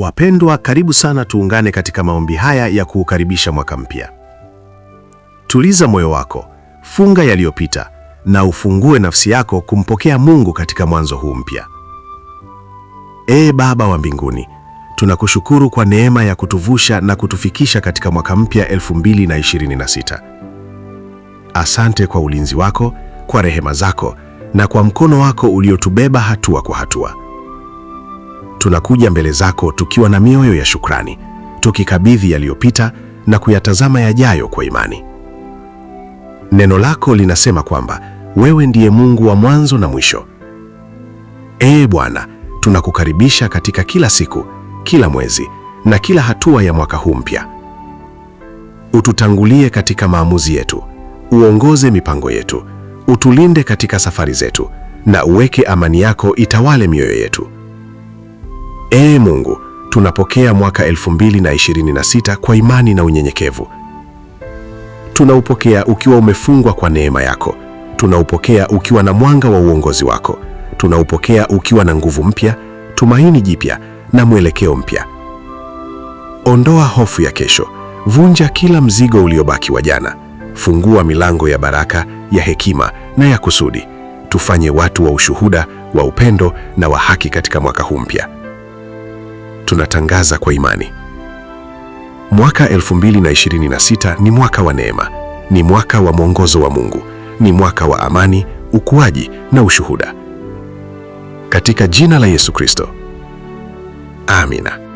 Wapendwa, karibu sana, tuungane katika maombi haya ya kuukaribisha mwaka mpya. Tuliza moyo wako, funga yaliyopita na ufungue nafsi yako kumpokea Mungu katika mwanzo huu mpya. Ee Baba wa mbinguni, tunakushukuru kwa neema ya kutuvusha na kutufikisha katika mwaka mpya 2026. Asante kwa ulinzi wako, kwa rehema zako na kwa mkono wako uliotubeba hatua kwa hatua. Tunakuja mbele zako tukiwa na mioyo ya shukrani, tukikabidhi yaliyopita na kuyatazama yajayo kwa imani. Neno lako linasema kwamba wewe ndiye Mungu wa mwanzo na mwisho. Ee Bwana, tunakukaribisha katika kila siku, kila mwezi na kila hatua ya mwaka huu mpya. Ututangulie katika maamuzi yetu, uongoze mipango yetu, utulinde katika safari zetu, na uweke amani yako itawale mioyo yetu. Ee Mungu, tunapokea mwaka 2026 kwa imani na unyenyekevu. Tunaupokea ukiwa umefungwa kwa neema yako. Tunaupokea ukiwa na mwanga wa uongozi wako. Tunaupokea ukiwa na nguvu mpya, tumaini jipya na mwelekeo mpya. Ondoa hofu ya kesho. Vunja kila mzigo uliobaki wa jana. Fungua milango ya baraka, ya hekima na ya kusudi. Tufanye watu wa ushuhuda, wa upendo na wa haki katika mwaka huu mpya tunatangaza kwa imani. Mwaka 2026 ni mwaka wa neema, ni mwaka wa mwongozo wa Mungu, ni mwaka wa amani, ukuaji na ushuhuda. Katika jina la Yesu Kristo. Amina.